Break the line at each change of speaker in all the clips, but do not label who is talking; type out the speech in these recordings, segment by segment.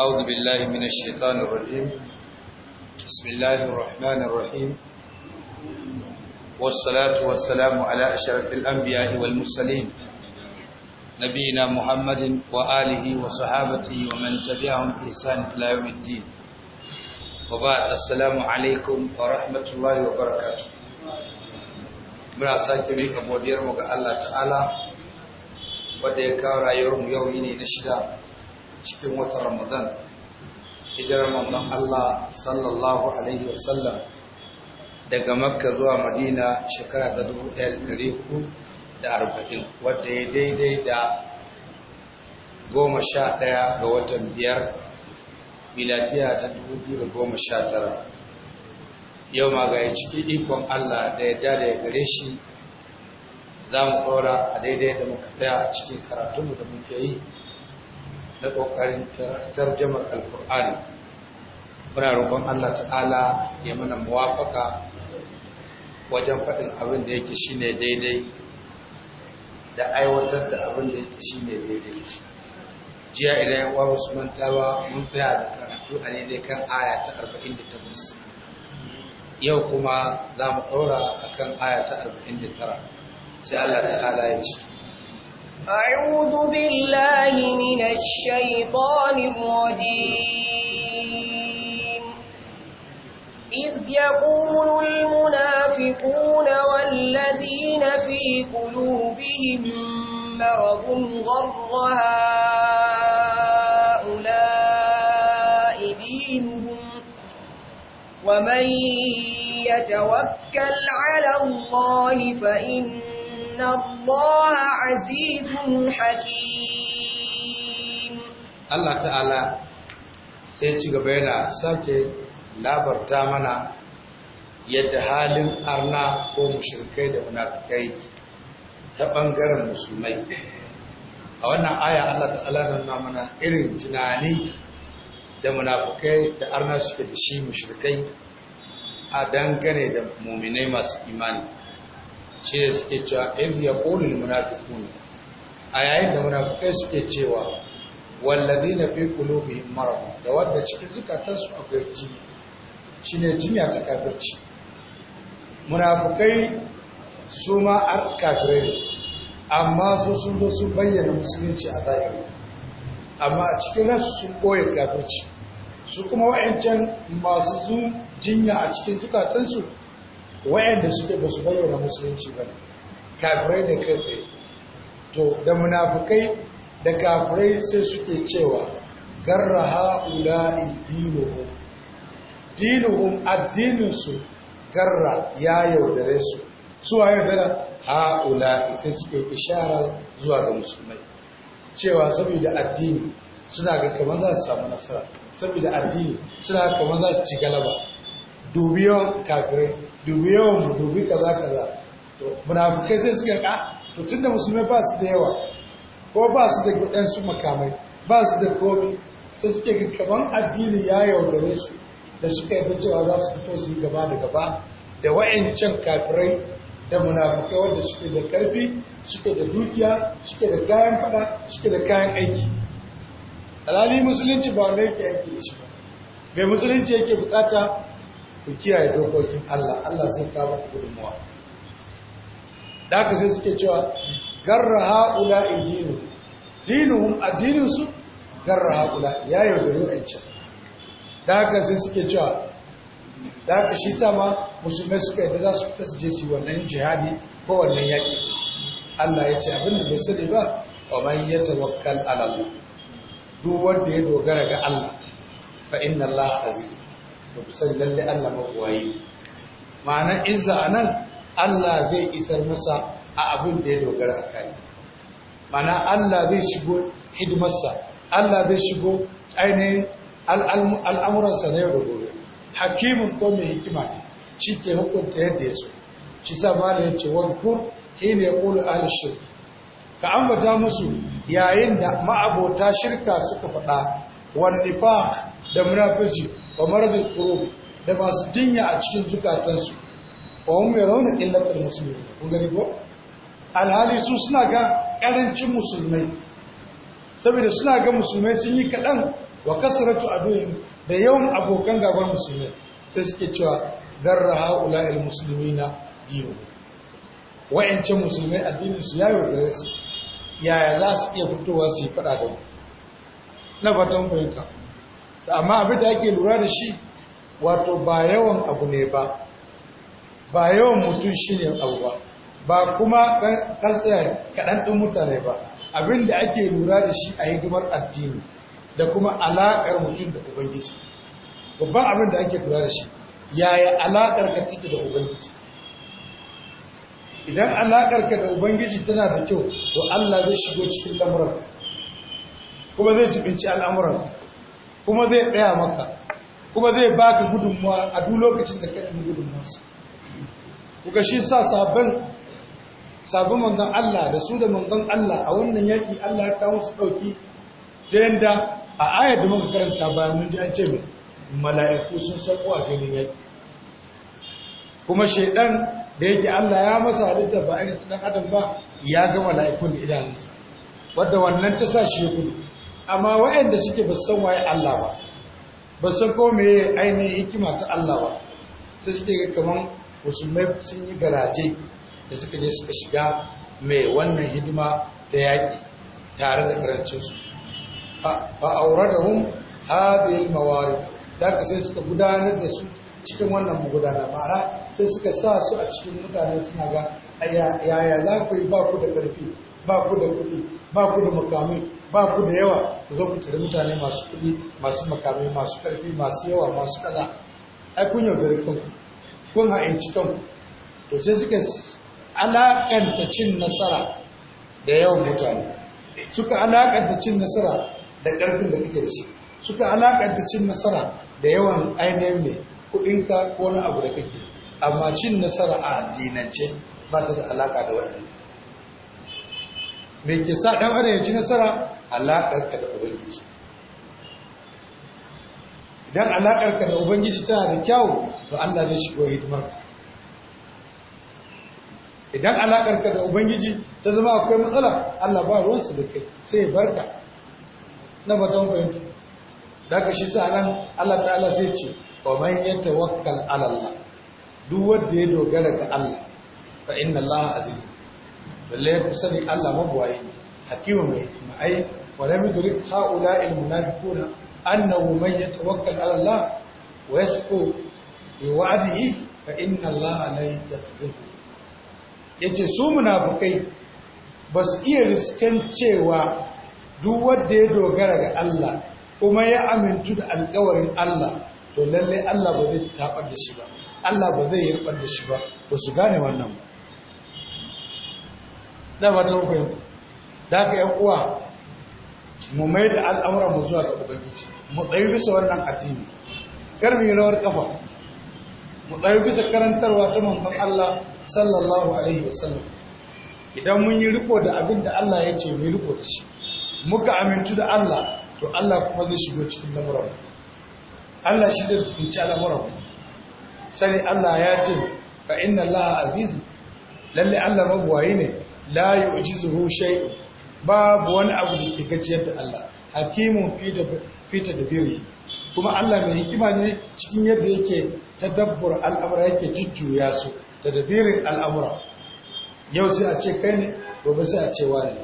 أعوذ بالله من الشيطان الرجيم بسم الله الرحمن الرحيم والصلاة والسلام على أشرف الأنبياء والمرسلين نبينا محمد وآله وصحابته ومن تبعهم إحسان إلى يوم الدين وبعد السلام عليكم ورحمة الله وبركاته muna sake miƙa godiyarmu ga Allah ta'ala wadda ya kawo rayuwarmu yau ne na shida cikin watan ramadan hijirar mamman Allah sallallahu alaihi wasallam daga makka zuwa madina shekara ta arba'in, wadda ya daidai da goma sha ɗaya ga watan biyar miladiya ta dubu da goma sha tara yau ma ga ciki ikon Allah da ya dada ya gare shi za mu ɗora a daidai da muka tsaya a cikin karatunmu da muke yi na ƙoƙarin tarjamar alkur'ani muna roƙon Allah ta'ala ya mana muwafaka wajen faɗin abin da yake shine daidai da aiwatar da abin da yake shine daidai jiya idan yawa wasu mantawa mun tsaya da karatu a ne kan aya ta 48 yau kuma za mu ɗora a kan aya ta 49 sai Allah ta'ala ya ce
أعوذ بالله من الشيطان الرجيم إذ يقول المنافقون والذين في قلوبهم مرض غر هؤلاء دينهم ومن يتوكل على الله فإن
Allah ta'ala sai ci gaba yana sake labarta mana yadda halin arna ko mushrikai da munafikai ta bangaren musulmai a wannan aya Allah ta'ala nuna mana irin tunani da munafikai da arna suke da shi mushrikai a dangane da muminai masu imani shi ne suke cewa idh da munafikun a yayin da munafikai suke cewa na fi qulubihim mara da wanda cikin zukatansu akwai jini shine jinya ta kafirci munafikai su ma a kafirai amma su sun zo su bayyana musulunci a zahiri amma a cikin nasu sun koya kafirci su kuma wa'ancan masu jinya a cikin zukatansu wayanda suke ba su bayyana musulunci ba kafirai da kai to da munafukai da kafirai sai suke cewa garra ha'ula'i dinuhum dinuhum addininsu garra ya yaudare su Su waye fara ha'ula'i sai suke ishara zuwa ga musulmai cewa saboda addini suna ga kamar za su samu nasara saboda addini suna kamar za su ci galaba dubi yawan kafirai dubi yawan mu dubi kaza kaza to munafikai sai suka ka ah, to tunda musulmai ba su da yawa ko ba su da waɗansu makamai ba su da komi sai suke ga kaman addini ya yaudare su da suka yi cewa za su fito su yi gaba da gaba da wa'ancan kafirai da munafukai wanda suke da karfi suke da dukiya suke da kayan fada suke da kayan aiki alhali musulunci ba wanda yake aiki da shi ba mai musulunci yake bukata ku kiyaye dokokin Allah Allah zai ba ku gudunmuwa da haka sai suke cewa garra haula idinu dinuhum addininsu su garra haula ya yaudare can. da haka sai suke cewa da haka shi ma musulmai suka yadda za su fita su je su wannan jihadi ko wannan yaƙi Allah ya ce abin da bai sani ba wa man yatawakkal ala Allah duk wanda ya dogara ga Allah fa inna Allah aziz ba ku lalle Allah ma'ana ma'anar izza a nan Allah zai isar masa a abin da ya dogara a kai ma'ana Allah zai shigo hidimarsa Allah zai shigo ainihin al'amuransa na yau da gobe hakimin ko mai hikima ne shi ke hukunta yadda ya so shi sa da ya ce wazkur ne ya ƙulu ala shirki ka ambata musu yayin da ma'abota shirka suka faɗa wani fa da munafirci wa da qulubi da masu jinya a cikin zukatansu mai hum yarawna illatal da, kun gani ko alhali su suna ga karancin musulmai saboda suna ga musulmai sun yi kaɗan wa kasaratu aduyin da yawan abokan gaban musulmai sai suke cewa garra haula il na biyu wa'ancin musulmai addinin su yayi wadare su yaya za su iya fitowa su yi faɗa da mu na fatan fahimta amma abin da ake lura da shi wato ba yawan abu ne ba ba yawan mutum shi ne abu ba ba kuma kaɗan ɗin mutane ba abin da ake lura da shi a hidimar addini da kuma alaƙar mutum da ubangiji babban abin da ake lura da shi yaya alaƙar ka take da ubangiji idan alaƙar ka da ubangiji tana da kyau to Allah zai shigo cikin lamuranka kuma zai jibinci al'amuranka kuma zai tsaya maka kuma zai baka gudunmuwa a duk lokacin da ka yi ku kuka shi sa sabon sabon mangan Allah da su da mangan Allah a wannan yaki Allah ya kawo su dauki ta yanda a ayar da muka karanta bayan mun ji an ce mala'iku sun sako a filin yaki kuma shedan da yake Allah ya masa halitta ba a dan adam ba ya ga mala'ikun da idanunsa wanda wannan ta sa shi gudu amma waɗanda suke ba san waye Allah ba ba san ko me ainihin hikima ta Allah ba sai suke ga kaman mai sun yi garaje da suka je suka shiga mai wannan hidima ta yaƙi tare da karancinsu fa auradahum hadhihi haɗe mawarid da ka sai suka gudanar da su cikin wannan magudana mara sai suka sa su a cikin mutane suna ga yaya za ku yi ba ku da karfi ba ku da kuɗi ba ku da makamai ba ku da yawa ku zo ku tare mutane masu kuɗi masu makamai masu ƙarfi masu yawa masu kada ai kun yaudare kanku kun ha'inci kanku to sai suka alaƙanta cin nasara da yawan mutane suka alaƙanta cin nasara da ƙarfin da kake da shi suka alaƙanta cin nasara da yawan ainihin ne kuɗinka ko na abu da kake amma cin nasara a addinance ba ta da alaƙa da wani me ke sa ɗan adam ya ci nasara alaƙarka da ubangiji idan alaƙarka da ubangiji tana da kyau to Allah zai shigo hidimarka idan alaƙarka da ubangiji ta zama akwai matsala Allah ba ruwansa da kai sai barka na baton fahimta da ka shi sa nan Allah ta'ala sai ce wa man yatawakkal ala Allah duk wanda ya dogara ga Allah fa inna Allah aziz balle ku sani Allah mabwayi hakimu mai hikima ai ولم يدرك هؤلاء المنافقون أنه من يتوكل على الله ويسقو بوعده فإن الله لا يكذب yace su munafukai ba su iya riskan cewa duk wanda ya dogara ga Allah kuma ya amintu da alkawarin Allah to lalle Allah ba zai tabar da shi ba Allah ba zai yarbar da shi ba ba su gane wannan ba da ba ta fahimta da ka yan uwa mu mai da al'amura mu zuwa ga ubangiji mu tsayi bisa wannan addini kar yi rawar kafa mu tsayi bisa karantarwa ta manzon Allah sallallahu alaihi wasallam idan mun yi riko da abin da Allah ya ce mu riko da shi muka amintu da Allah to Allah kuma zai shigo cikin lamuran Allah shi da zuci lamuran sani Allah ya ce fa inna Allah azizu, lalle Allah mabwayi ne la yu'jizuhu shay'un babu wani abu da ke gajiyar da Allah hakimun fita da biri kuma Allah mai hikima ne cikin yadda yake tadabbur al'amura yake jujjuya su da dabirin al'amura yau sai a ce kai ne gobe sai a ce wani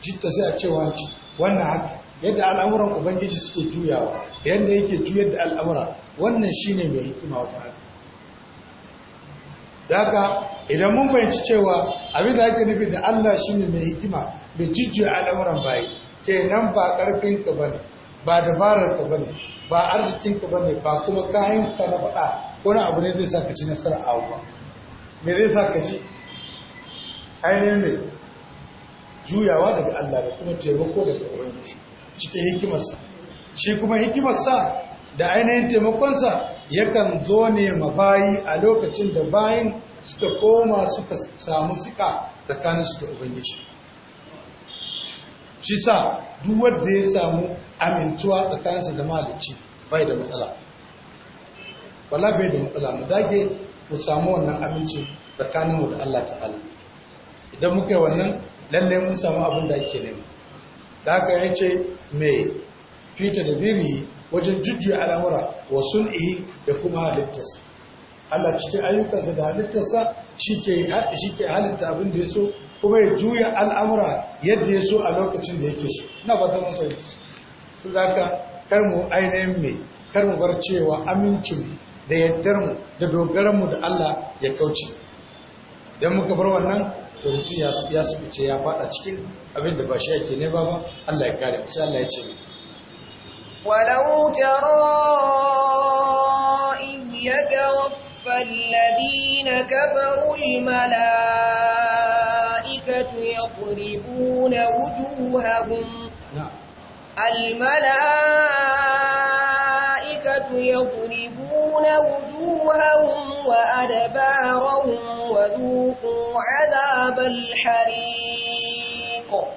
jitta sai a ce ne. wannan haka yadda al'amuran ubangiji suke juyawa da yadda yake juyar da al'amura wannan shine mai hikima wata haka da haka idan mun fahimci cewa abin da ake nufi da Allah shi ne mai hikima da a al'amuran bayi ke nan ba ƙarfin ka bane ba dabarar ka bane ba arzikin ka bane ba kuma kayan ka na faɗa wani abu ne zai sa ka ci nasara a abuwa me zai sa ka ci ainihin ne juyawa daga Allah da kuma taimako daga ubangiji cikin hikimarsa shi kuma hikimarsa da ainihin taimakonsa yakan zo ne mabayi a lokacin da bayin suka koma suka samu sika tsakaninsu da ubangiji shi sa duk wanda ya samu amintuwa tsakaninsu da malici bai da matsala wala bai da matsala mu dage mu samu wannan aminci tsakaninmu da Allah ta'ala idan muka yi wannan lalle mun samu abin da ake nema da haka ya ce mai fita da biri wajen jujjuya al'amura wa sun'i da kuma halittarsa Allah cikin ayyukansa da halittarsa shi ke halitta abin da ya so kuma ya juya al'amura yadda ya so a lokacin da yake so na ba ta mutane su ka karmu ainihin mai karmu bar cewa amincin da yaddarmu da dogaranmu da Allah ya kauce don muka bar wannan to mutum ya su ce ya fada cikin abin da ba shi yake ne ba ba Allah ya kare sai Allah ya ce mai
walau tara in فالذين كفروا الملائكة يضربون وجوههم نعم. الملائكة يضربون وجوههم وأدبارهم وذوقوا عذاب الحريق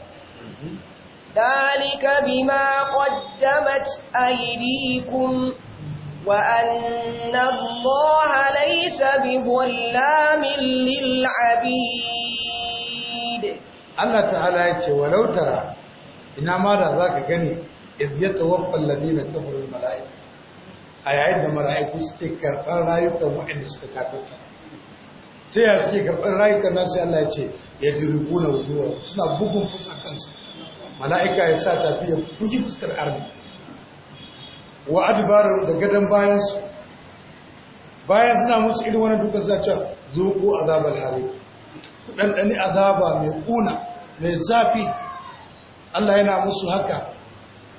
ذلك بما قدمت أيديكم وأن الله ليس بظلام للعبيد
الله تعالى يتشي ولو ترى إنما ذا ذاك غني إذ يتوفى الذين كفروا الملائكة أي عند ملائكة ستكر فرايكم وإن استكاكت تيا ستكر فرايكم ناس الله يتشي يدربون وجوههم سنة بكم فسكا ملائكة يساتا فيهم كل فسكر أرمي wa adbar da gadan bayan su bayan suna musu irin wannan duka suna cewa zuku azabal hari dan dani azaba mai kuna mai zafi Allah yana musu haka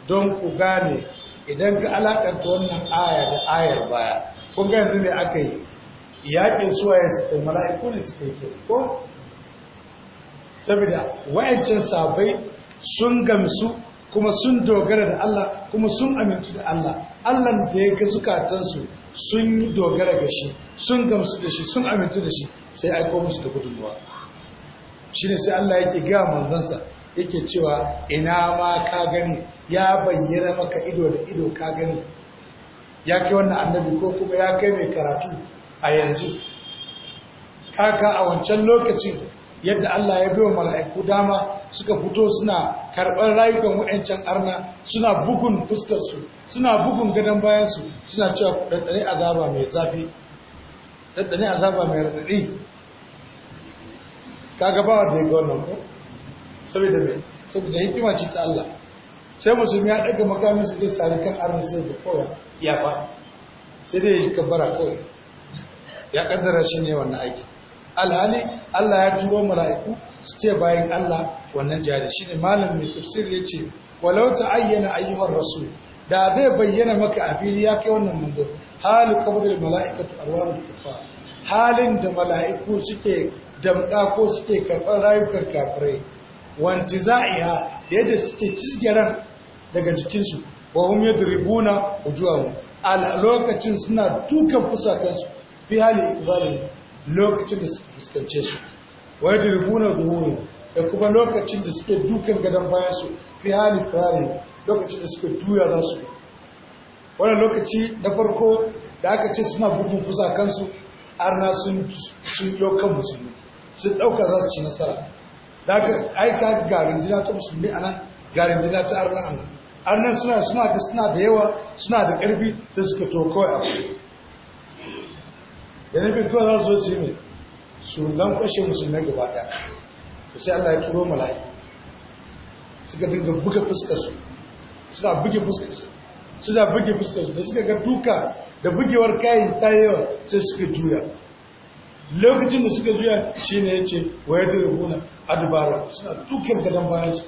don ku gane idan ka alakanta wannan aya da ayar baya kun ga yanzu ne aka yi yakin su kai mala'iku ne su kai ke ko saboda wayancan sabai sun gamsu kuma sun dogara da Allah kuma sun amintu da Allah Allah da ya ga zukatansu sun yi dogara ga shi sun gamsu da shi sun amintu da shi sai aiko musu da gudunmawa. shi ne sai Allah yake ga manzansa yake cewa ina ma ka gani ya bayyana maka ido da ido ka gani ya kai wannan annabi ko kuma ya kai mai karatu a yanzu kaka a wancan lokacin yadda Allah ya biyo mala'iku dama suka fito suna karɓar rayukan wa'ancan arna suna bugun fuskarsu suna bugun gadon bayansu suna cewa ɗanɗane azaba mai zafi ɗanɗane azaba mai raɗaɗi ka gaba da ya ga wannan ko saboda mai saboda hikima ce ta Allah sai musulmi ya ɗaga makamin su zai tsari kan arna sai da kowa ya ba sai dai ya kabbara kawai ya kaddara shi ne wannan aiki alhali Allah ya turo mala'iku su ce bayan Allah wannan shi shine malam mai tafsir ce, walau ayyana ayyuhar rasu. da zai bayyana maka a fili ya kai wannan manzo halu qabdul mala'ikatu da kufa halin da mala'iku suke damɗa ko suke karɓar rayukan kafirai wanti za'iya yadda suke cisgiran daga jikinsu wa hum yadribuna wujuhahum a lokacin suna dukan fusakansu fi hali ikzalihim lokacin da suka fuskance su wai rubuna zuhuri da kuma lokacin da suke dukan gadon bayan su fi hali firare lokacin da suka juya za su wani lokaci na farko da aka ce suna bugun fusa kansu arna sun yi kan musulmi sun ɗauka za su ci nasara da aka aika garin jina ta musulmi a nan garin jina ta arna a nan arnan suna suna da yawa suna da ƙarfi sai suka to kawai abu da nufin so za su su yi su lankwashe musulmai gaba ɗaya sai Allah ya turo mala'iku suka dinga buga fuskarsu suna buge fuskarsu suna buge fuskarsu da suka ga duka da bugewar kayan tayewa sai suka juya lokacin da suka juya shine yace wayar da rubuna adubara suna dukkan gadon bayansu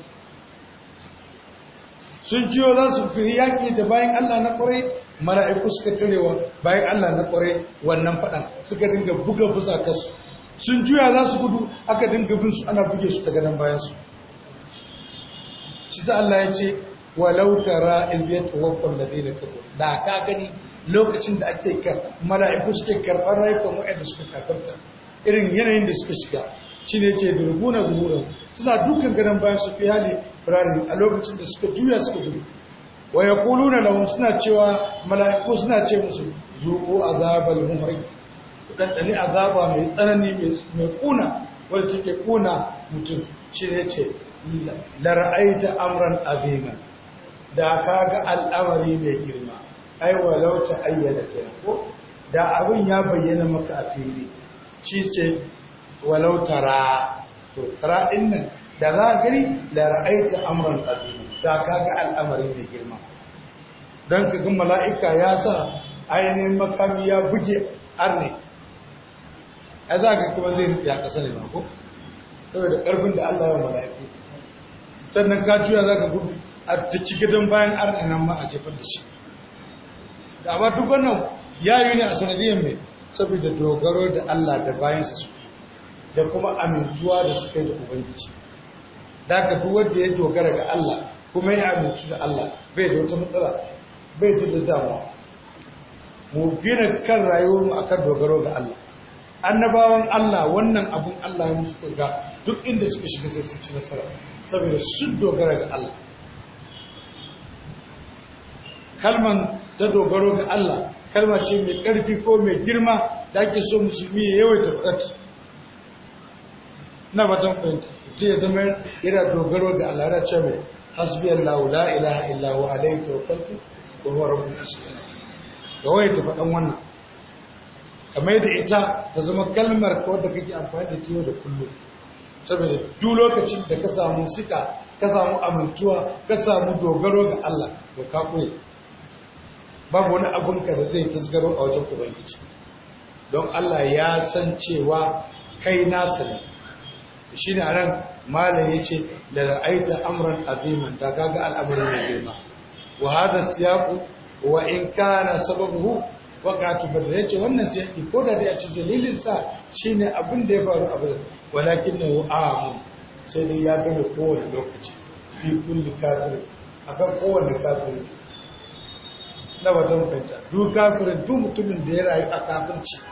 sun ciwo za su fi yaƙi da bayan Allah na ƙwarai mala'iku suka cirewa bayan Allah na ƙwarai wannan faɗan suka dinga buga kasu. sun juya za su gudu aka dinga bin su ana buge su ta ganin su shi za Allah ya ce walau tara ilbiyat wakon da zai da ka gani lokacin da ake ka mala'iku suke karɓar rayukan waɗanda suka kafarta irin yanayin da suka shiga shi ne ce durguna gumuran suna dukkan ganin bayan su fi hali firari a lokacin da suka juya suka gudu wa na lahun suna cewa mala'iku suna ce musu a zabar muhari ɗanɗani a azaba mai tsanani mai kuna wadda take kuna mutum shi ne ce la ta amran azima da kaga al'amari mai girma ai walau ta ayyana ko da abin ya bayyana maka a fili shi ce walau to tara nan da za a gani da ra'aita amran azim da ka ga al'amari mai girma ka kaga mala'ika ya sa ainihin makami ya buge arne a za ka kuma zai ya kasa ne mako saboda karfin da Allah ya mala'iku sannan ka juya za ka gudu a ciki gidan bayan arne nan ma a jefar da shi da ba duk wannan ya yi ne a sanadiyar mai saboda dogaro da Allah da bayansa su da kuma amintuwa da su kai da ubangiji da ka da wanda ya dogara ga Allah kuma ya amince da Allah bai da wata matsala bai da damuwa mu gina kan rayuwar mu akan dogaro ga Allah annabawan Allah wannan abun Allah ya musu ga duk inda suka shiga sai sun ci nasara saboda sun dogara ga Allah kalman ta dogaro ga Allah kalma ce mai karfi ko mai girma da ake so musulmi ya yawaita buƙata na batun fahimta ce ya zama yana dogaro da al'ada ce mai hasbi Allah la ilaha illa huwa alayhi tawakkaltu wa huwa rabbul alamin ga waye ta faɗan wannan kamar da ita ta zama kalmar ko da kake amfani da ta da kullum saboda duk lokacin da ka samu sika ka samu amintuwa ka samu dogaro ga Allah to ka koyi babu wani abun ka da zai tasgaro a wajen ubangiji don Allah ya san cewa kai nasa ne shi ne a ran malam ya ce da ra'aita amuran abiman da gaga al'amuran mai girma wa hadha siyaku wa in kana sababuhu waqatu ya ce, wannan siyaki ko da ya ci cikin dalilin sa shine abin da ya faru a na yi amun sai dai ya gane kowane lokaci fi kulli kafir akan kowane kafir na wajen fahimta duk kafirin duk mutumin da ya rayu a kafirci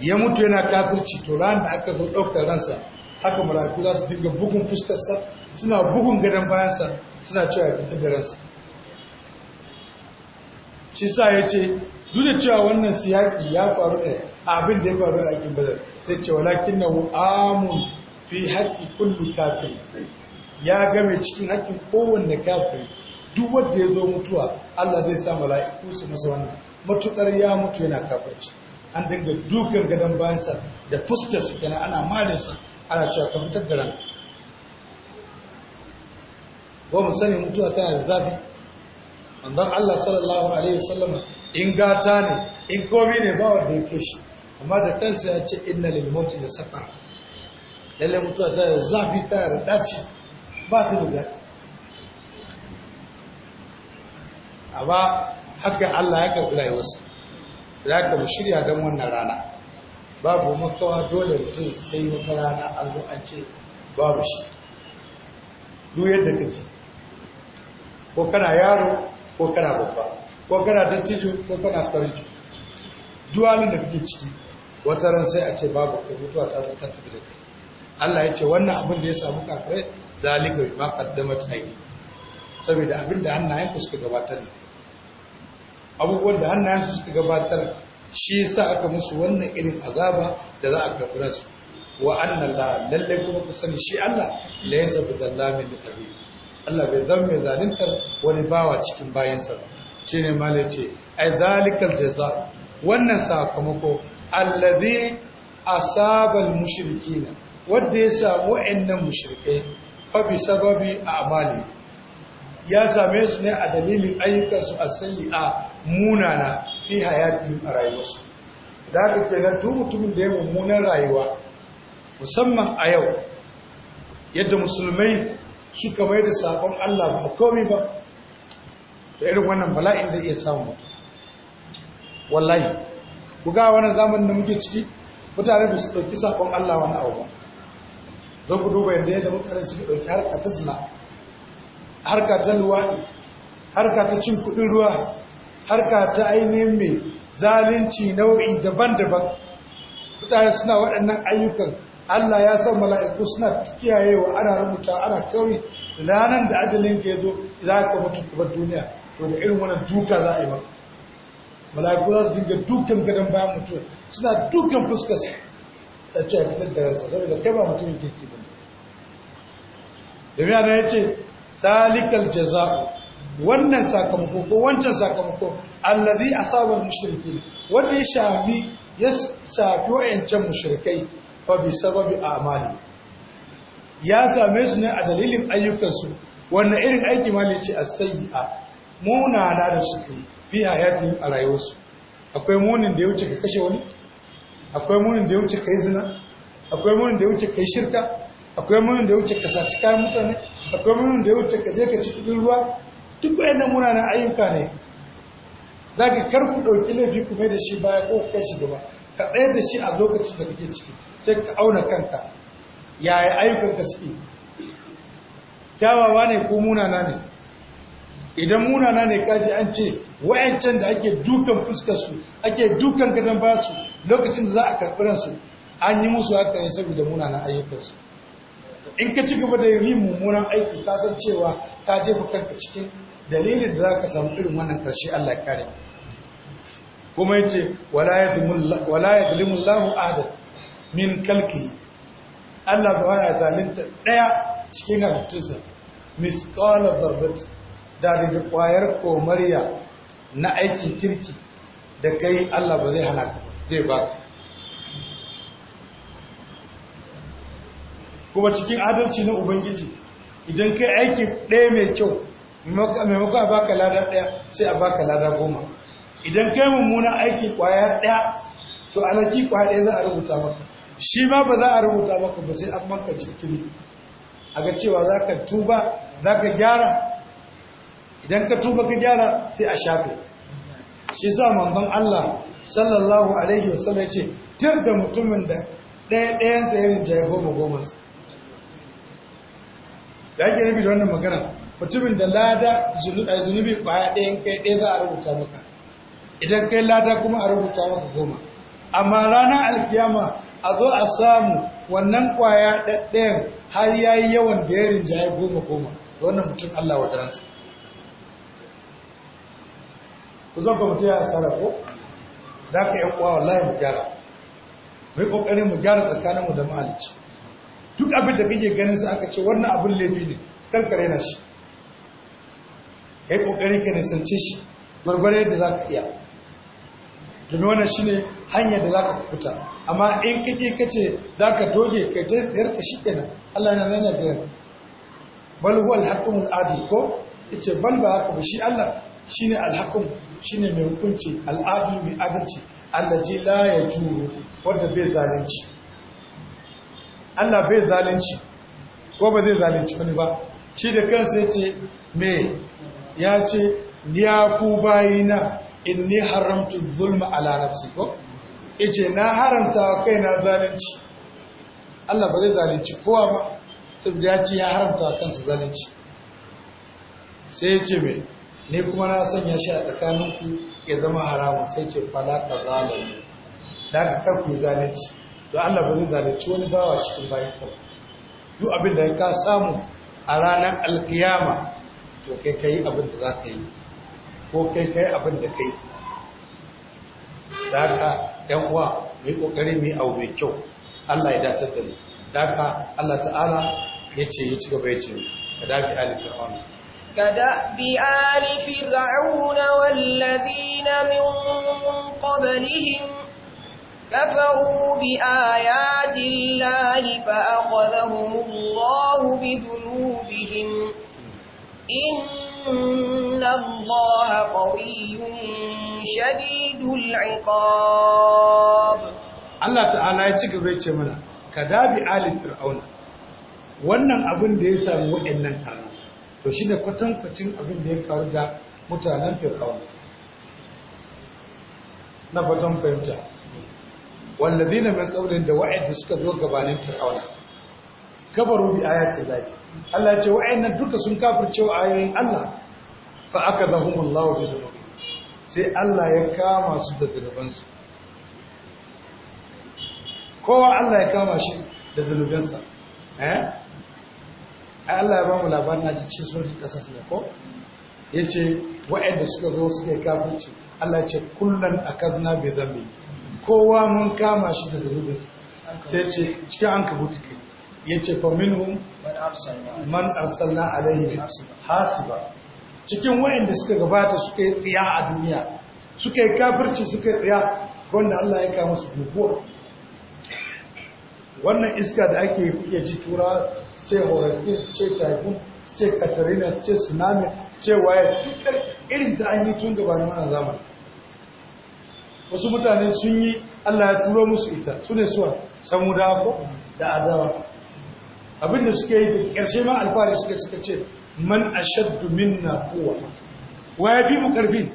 ya mutu yana kafirci to ran da aka zo ɗaukar ransa haka mala'iku za su dinga bugun fuskarsa suna bugun gadon bayansa suna cewa ya da ransa shi sa ya ce duk da cewa wannan siyaki ya faru ne abin da ya faru a yakin bazar sai ce walakin na amun fi haƙƙi kulli kafin ya game cikin haƙƙin kowanne kafin duk wanda ya zo mutuwa Allah zai sa mala'iku su masa wannan matuƙar ya mutu yana kafirci an dinga dukar gadon bayansa da fuskas yana ana malinsa ana cewa ka fitar da ran ba mu sani mutuwa ta da zafi manzon Allah sallallahu alaihi wasallam in gata ne in komi ne ba wanda ya kishi amma da kansa ya ce inna lil mauti la sakar lalle mutuwa ta da zafi ta da daci ba ta da amma haka Allah ya karɓi rayuwarsa za ka mu shirya don wannan rana babu makawa dole mutum sai wata rana an zo an ce babu shi duk yadda kake ko kana yaro ko kana babba ko kana dattijo ko kana sarki duwalin da kake ciki wata ran sai a ce babu kai mutuwa ta zo ta tafi da kai Allah ya ce wannan abin da ya samu kafirai zalika ma qaddamat aiki saboda abin da hannayen ku suka gabatar ne abubuwan da su suka gabatar shi sa aka musu wannan irin azaba da za a kafira su wa annalla lalle kuma ku sani shi Allah la yasabu zallamin da tabi Allah bai zama mai zalintar wani bawa cikin bayansa ba shine malai ce ai zalikal jaza wannan sakamako allazi asabal mushrikina wanda ya samu wa'annan mushrikai fa bi sababi a'mali ya same su ne a dalilin ayyukansu a sayi'a munana fi hayati a rayuwarsu da ke nan tu mutumin da ya mummunan rayuwa musamman a yau yadda musulmai suka mai da sabon Allah ba komi ba da irin wannan bala'in zai iya samun mutum wallahi ku ga wannan zamanin da muke ciki mutane ba su ɗauki sabon Allah wani abu ba don ku duba yadda yadda mutane suka ɗauki harka ta zina harka ta luwaɗi ta cin kuɗin ruwa harka ta ainihin mai zalunci nau'i daban-daban mutane suna waɗannan ayyukan Allah ya san mala'iku suna kiyayewa ana rubuta ana kauri ranar da adalin ke zo za ka mutu kubar duniya to da irin wannan duka za a yi ba mala'iku za su dinga dukan gadon bayan mutu suna dukan fuskas da ce fitar da rasa saboda kai ba mutumin kirki ba na yace Zalikal jaza'u wannan sakamako ko wancan sakamako allazi asaba mushrikin wanda ya shafi ya shafi wayancan mushrikai fa bi sababi amali ya same su ne a dalilin ayyukansu wanda irin aiki mali ce as-sayyi'a muna da su yi fi yi a rayuwarsu akwai munin da ya wuce ka kashe wani akwai munin da ya wuce ka yi zina akwai munin da ya wuce ka yi shirka akwai munin da ya wuce ka saci kayan mutane akwai munin da ya wuce ka je ka ci kudin ruwa duk wayannan munanan ayyuka ne za ka kar ku ɗauki laifi kuma da shi baya ko kai shi gaba ka tsayar da shi a lokacin da kake ciki sai ka auna kanka yaya ayyukanka suke kyawawa ne ko munana ne idan munana ne kaji an ce wayancan da ake dukan fuskarsu ake dukan gadon basu lokacin da za a karɓi ransu an yi musu haka ne saboda munanan ayyukansu in ka ci gaba da yin mummunan aiki ta san cewa ta jefa kanka cikin dalilin da za ka samu irin wannan ƙarshe Allah ya kare kuma ya ce wala ya zulimun lahu adam min kalki Allah ba ya zalinta ɗaya cikin halittunsa misƙalar zarbat da daga ƙwayar komariya na aikin kirki da kai Allah ba zai hana ka zai ba kuma cikin adalci na ubangiji idan kai aiki ɗaya mai kyau maimakon a baka lada ɗaya sai a baka lada goma idan kai mummuna aiki kwaya ɗaya to alaki kwaya ɗaya za a rubuta maka shi ma ba za a rubuta maka ba sai an maka cikin a ga cewa za ka tuba za ka gyara idan ka tuba ka gyara sai a shafe shi za manzon Allah sallallahu alaihi wasallam ya ce tir da mutumin da ɗaya ɗayansa ya rinjaye goma gomansa ya ke rabi da wannan magana mutumin da lada zunubi kwaya ɗayan kai ɗaya za a rubuta maka idan kai lada kuma a rubuta maka goma amma ranar alkiyama a zo a samu wannan kwaya ɗayan har ya yi yawan da ya rinjaye goma goma da wannan mutum Allah wa ransa ku zo ka mutu ya asara ko da ka yan uwa wallahi mu gyara mai kokarin mu gyara tsakaninmu da mahalicci duk abin da kake ganin su aka ce wannan abin laifi ne karkare na shi ka yi ƙoƙari ka nisance shi Gwargware da za ka iya domin wannan shi ne hanyar da za ka kuta amma in kake kace za ka doge ka je ka shi kenan allah yana nana da bal huwa alhakum al'adi ko ce bal ba haka ba shi allah Shi ne shine shi ne mai hukunci al'adi mai adalci allaji la ya juru wanda bai zalunci allah bai zalunci ko ba zai zalunci wani ba shi da kansa ce me ya ce ya ku bayina ni haramtu zulma ala nafsi ko yace na haramta kaina zalunci Allah ba zai zalunci kowa ba saboda ya ce ya haramta kansa zalunci sai ya ce me ne kuma na sanya shi a tsakaninku ya zama haramun sai ce fala ka zalunci da ka karku zalunci don Allah ba zai zalunci wani bawa cikin bayan sa duk abin da ya ka samu a ranar alkiyama to kai ka yi abin da za ka yi ko kai ka yi abin da ka yi da haka ‘yan uwa mai ƙoƙari mai abu mai kyau Allah ya datar da mu da haka Allah ta'ala ya ce ya ci gaba ya ce ka dafi ali fir'aun
ka dafi ali fir'aun wallazina min qablihim كفروا بآيات الله فأخذهم الله بذنوبهم إن الله قوي شديد العقاب
Allah ta'ala ya ci gaba ce mana ka dabi alin fir'auna wannan abin da ya samu waɗannan taro to shine kwatankwacin abin da ya faru da mutanen fir'auna na fatan fahimta wallazina min qawlin da wa'id suka zo gabanin fir'auna kabaru bi ayati zaki. Allah ya ce wa'annan duka sun kafirce wa ayoyin Allah fa akadahumullahu bi dhunubihim sai Allah ya kama su da dhunubansu kowa Allah ya kama shi da dhunubansa eh Allah ya ba mu labarin da ce sun kasa sasa ko yace wa'anda suka zo suka kafirce Allah ya ce kullan akadna bi dhanbi kowa mun kama shi da dhunubinsa sai ce cikin an kabuta kai yace fa minhum man arsalna alaihi hasiba cikin wayanda suka gabata suka yi tsiya a duniya suka yi kafirci suka yi tsiya wanda Allah ya kama su guguwa wannan iska da ake kuke ji tura su ce horarki su ce typhoon su ce katarina su ce tsunami su ce waye duk irin ta an yi tun gabanin mana zamani wasu mutane sun yi Allah ya turo musu ita su ne suwa da ko da adawa abinda suke yi da ƙarshe ma alfahari suke suka ce man ashaddu minna kuwa. wa ya fi mu karfi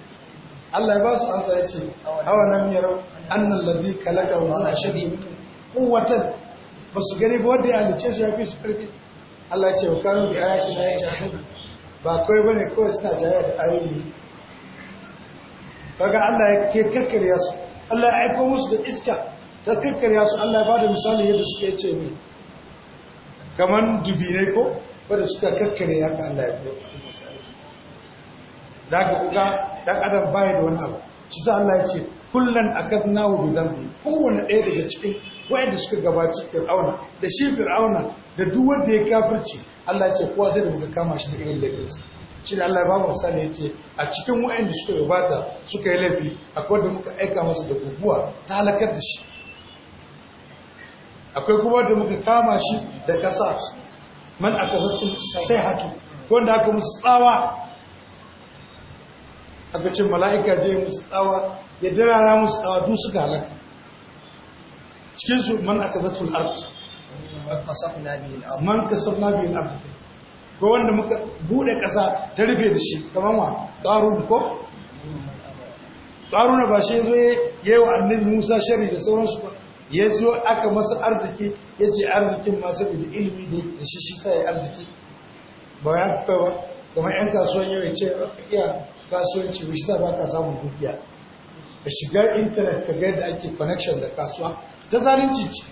Allah ya ba su ansa hawa nan yaro Annan, alladhi kalaka wa kowatan ba su gani ba wanda ya halice su ya fi su karfi Allah ya ce wa kanu bi na ya yajhadun ba kai ne kawai suna jaya da ayoyi kaga Allah ya ke karkarya su Allah ya aiko musu da iska ta karkarya su Allah ya bada misali yadda suke ce mai kamar dubinai ko wadda suka kakkare ya ka Allah ya fi faɗi masu aiki da aka kuka ɗan adam baya da wani abu shi sa Allah ya ce kullum a kan nawo da zambi kowane ɗaya daga cikin wayanda suka gabaci fir'auna da shi fir'auna da duk wanda ya kafirci Allah ya ce kowa sai da muka kama shi da irin laifinsa shi da Allah ya ba misali ya ce a cikin wayanda suka gabata suka yi laifi akwai da muka aika masa da guguwa ta halakar da shi akwai kuma da muka kama shi da kasa man aka zatsun sai hatu wanda aka musu tsawa aka ce mala'ika je musu tsawa ya dirara musu tsawa duk suka halaka cikinsu man aka zatsun arzu man kasar nabi al'abdu ko wanda muka bude kasa ta rufe da shi kamar wa ƙaru ko ƙaruna ba shi zai yi wa annin musa shari da sauransu ba ya zo aka masa arziki ya ce arzikin masu da ilimi da yake da shi shi sai arziki ba ya kuka ba kuma yan kasuwan yau ya ce iya kasuwanci ba shi ta ba ka samun dukiya A shigar intanet ka ga yadda ake connection da kasuwa ta zalunci ce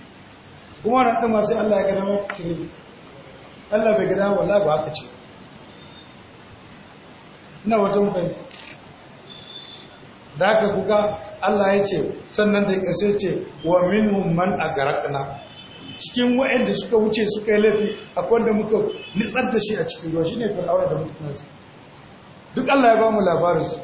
kuma na ɗin masu Allah ya gada maka cire Allah bai gada wala ba haka ce ina wajen fahimta da aka kuka Allah ya ce sannan da ƙarshe ce wa minhum man agarakna cikin waɗanda suka wuce suka yi laifi akwai da muka nitsar da shi a cikin ruwa shine fir'auna da mutanensa duk Allah ya ba mu labarin su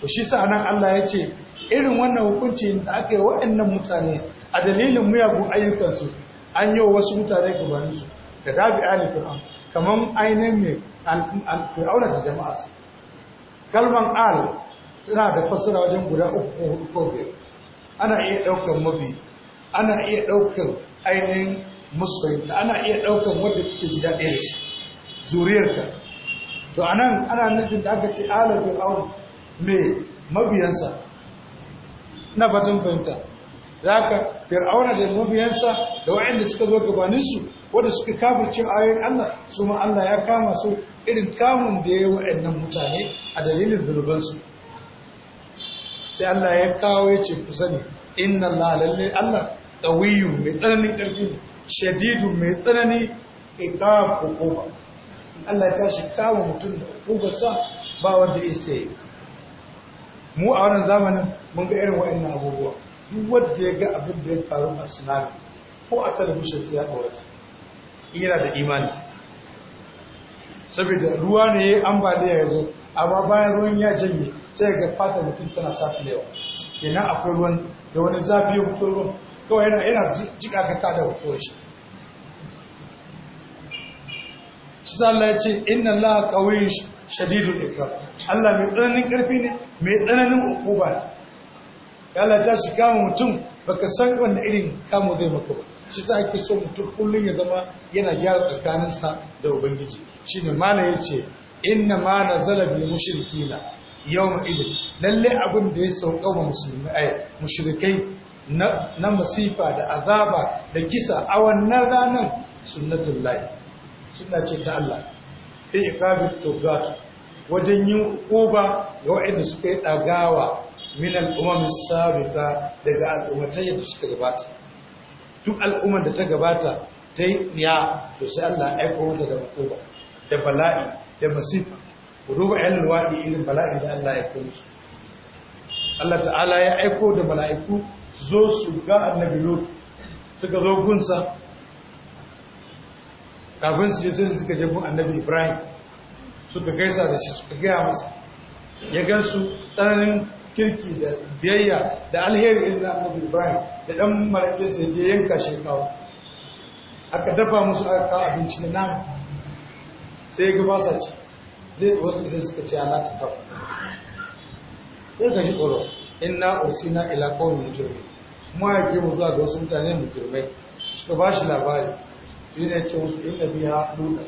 to shi sa nan Allah ya ce irin wannan hukunci da aka yi waɗannan mutane a dalilin muyagun ayyukansu an yi wasu mutane gabanin su da dabi ali fir'aun ainihin mai fir'auna da jama'a kalman al suna da fassara wajen guda uku hudu ko biyar ana iya ɗaukar mabi ana iya ɗaukar ainihin musulunta ana iya ɗaukar wadda ke gida ɗaya da shi zuriyarta to a nan ana nufin da aka ce ala fir'aun mai mabiyansa na batun fahimta za ka fir'auna da mabiyansa da wa'anda suka zo gabanin su, wadda suka kafirce ayoyin allah su ma allah ya kama su irin kamun da ya yi wa'annan mutane a dalilin zunubansu sai Allah ya kawo ya ce ku sani inna Allah Allah ɗawiyu mai tsananin ƙarfi ne shadidun mai tsanani iqab uquba Allah ya tashi kawo mutum da uquba sa ba wanda ya sai mu a wannan zamanin mun ga irin wa'annan abubuwa duk wanda ya ga abin da ya faru a tsunami ko a talabishin sai ya aurata yana da imani saboda ruwa ne ambaliya ya zo amma bayan ruwan ya janye sai ga fata mutum tana safi yawa. yana akwai ruwan da wani zafi ya fito ruwan kawai yana yana jika ka tada da hukuwar shi shi Allah ya ce inna Allah qawiyyun shadidul iqab Allah mai tsananin karfi ne mai tsananin hukuma ne Allah ta shi kama mutum baka san wanda irin kama zai maka ba shi sa ake so mutum kullum ya zama yana gyara tsakaninsa da ubangiji shine mana yace inna ma nazala bil mushrikina yau idin lalle abin da ya sauƙa wa musulmi ai na masifa da azaba da kisa a wannan ranar sunatun lai suna ce ta Allah fi ikabin tugat wajen yin ƙoba ga waɗanda suka yi ɗagawa min al'ummar sabita daga al'ummatar yadda suka gabata duk al'ummar da ta gabata ta yi ya to sai Allah aiko wata da ƙoba da bala'i da masifa ku duba yan luwaɗi irin bala'in da Allah ya kai su Allah ta'ala ya aiko da mala'iku zo su ga annabi su suka zo gunsa kafin su je suka je annabi ibrahim suka gaisa da shi suka gaya masa ya gansu tsananin kirki da biyayya da alheri irin na annabi ibrahim da ɗan maraƙinsa ya je yanka shekawa aka dafa musu aka kawo abinci na nama sai ya gaba sa ci zai wata sai suka ce ana ta kawo sai ka ji tsoro inna ursina ila qawmin mujrimin Kuma ya ke zuwa ga wasu mutane mujrimai suka ba shi labari shi ne ce wasu musu da biya luta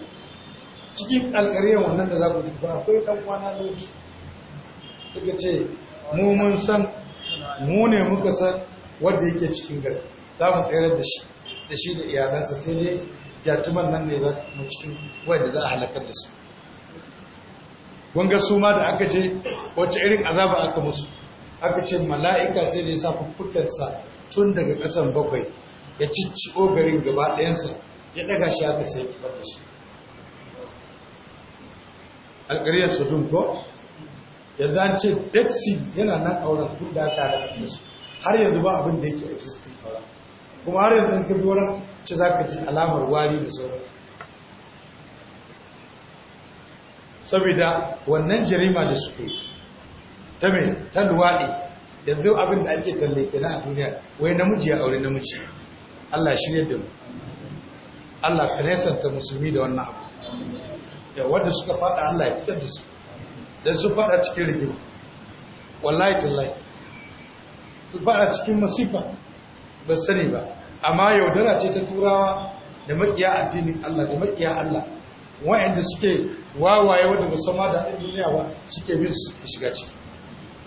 cikin alƙariyar wannan da za ku ba akwai ɗan kwana lokaci suka ce mu mun san mu ne muka san wanda yake cikin gari za mu tsayar da shi da shi da iyalansa sai dai jatuman nan ne za mu cikin wanda za a halakar da su ga su ma da aka ce wacce irin azaba aka musu aka ce mala'ika sai da ya sa fuffukarsa tun daga ƙasan bakwai ya ci ogarin gaba ɗayansa ya ɗaga shi aka sai ya kifar da shi alƙariyar sodom ko yanzu an ce dead yana nan auren duk da aka halatta da su har yanzu ba abin da yake existing auren kuma har yanzu an kabi wurin ce za ka ji alamar wari da sauransu saboda wannan jarima da suke ta mai ta luwaɗe yanzu abin da ake talle kenan a duniya wai namiji ya aure namiji Allah shi yadda mu Allah ka nesanta musulmi da wannan abu da wanda suka fada Allah ya fitar da su da su fada cikin rigima wallahi tallahi su fada cikin masifa ba sani ba amma yaudara ce ta turawa da makiya addinin Allah da makiya Allah wa'anda suke wawaye wadda musamman da haɗin duniya ba suke bin su shiga ciki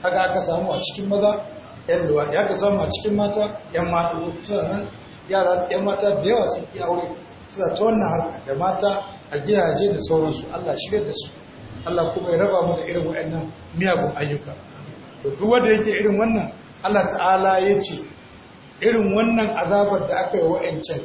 haka aka samu a cikin maza yan ya ka samu a cikin mata yan mata suna nan yara yan mata da yawa sun iya aure suna ta wannan harka da mata a gidaje da sauransu Allah shigar da su Allah kuma ya raba mu da irin wa'annan miyagun ayyuka to duk wanda yake irin wannan Allah ta'ala ya ce irin wannan azabar da aka yi wa'ancan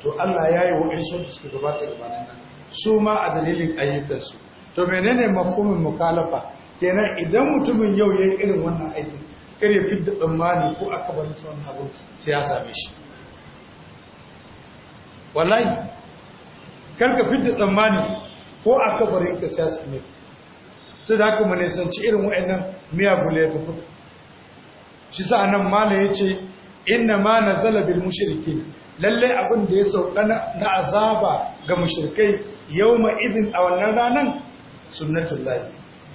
to Allah ya yi wa'ansu da suka gabata gabanin nan su ma a dalilin ayyukansu to menene mafhumin mukalafa kenan idan mutumin yau yayi irin wannan aiki kar ya fidda tsammani ko aka bar sa wannan abu sai ya same shi wallahi kar ka fidda tsammani ko aka bar ka sai ya same ka sai da haka mun san ci irin wayannan miyagu fuka shi sa nan mala yace inna ma nazala bil mushrikin lalle abin da ya sauka na azaba ga mushrikai yau izin a wannan ranan sunnatullahi